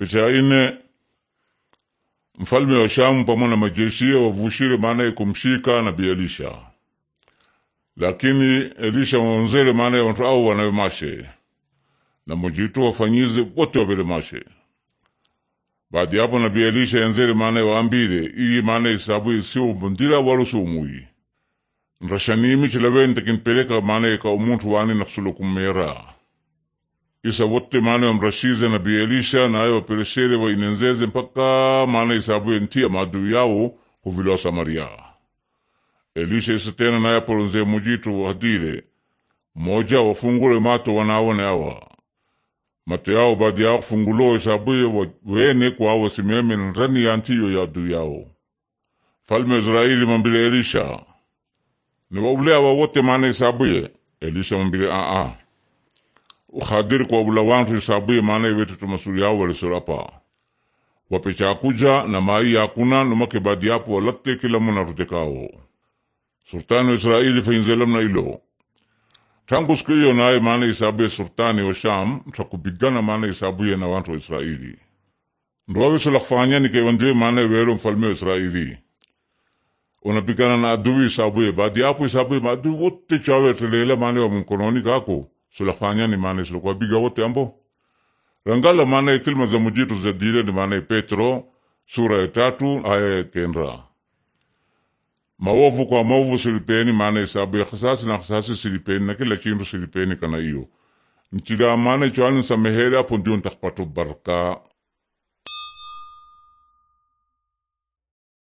Picha ine mfalme wa Shamu pamoja na majeshi wavushire maana kumshika nabii Elisha, lakini Elisha maana ya wantu au wanawemashe na mujitu wafanyize wote wavelemashe. Baadi yapo nabii Elisha enzere maanaye waambire iyi maana isabu isiumbundira walusumui nrashanimi chilaweni takinipeleka maana ka umuntu wani kusulo kumera Isa wote maana wamrashize na bielisha naye wapereshere wainenzeze mpaka maana isabuye ntia maadui yao huvilwa Samaria. Elisha isa tena naye aporonze mujitu hadire moja wafungule mato wanawone awa mato yao baadhi yao fungulo isabuye wene kwao wasimeme ndani ya ntiyo ya adui yao. Falme Israeli mambile Elisha ni waulea wawote maana isabuye Elisha mambile aa ukhadir kwa ula wantu isabuye maana iwetu tumasuli yao walisorapa kuja na mai yakuna numake badi yapo walatte kila muna rutekao sultani wa israeli fainzelamna ilo tangu siku hiyo naye maana isabuye sultani wa sham takupigana maana isabuye na wantu wa israeli ndowawesolakfanya nikewandiwe maana iwero mfalme wa israeli unapigana na adui isabuye badi yapo isabuye maadui wote chawe chawetelela maana wa mkononi kako sulafanya ni maana silo kwa biga wote ambo rangala maana ikilma za mujitu za dire ni maana Petro sura ya tatu aya ya kenda maovu kwa maovu silipeni maana isabu ya kisasi na kisasi silipeni na kila chindu silipeni kana iyo nchida maana ichwani nsamehele apo ndio ntakpatu baraka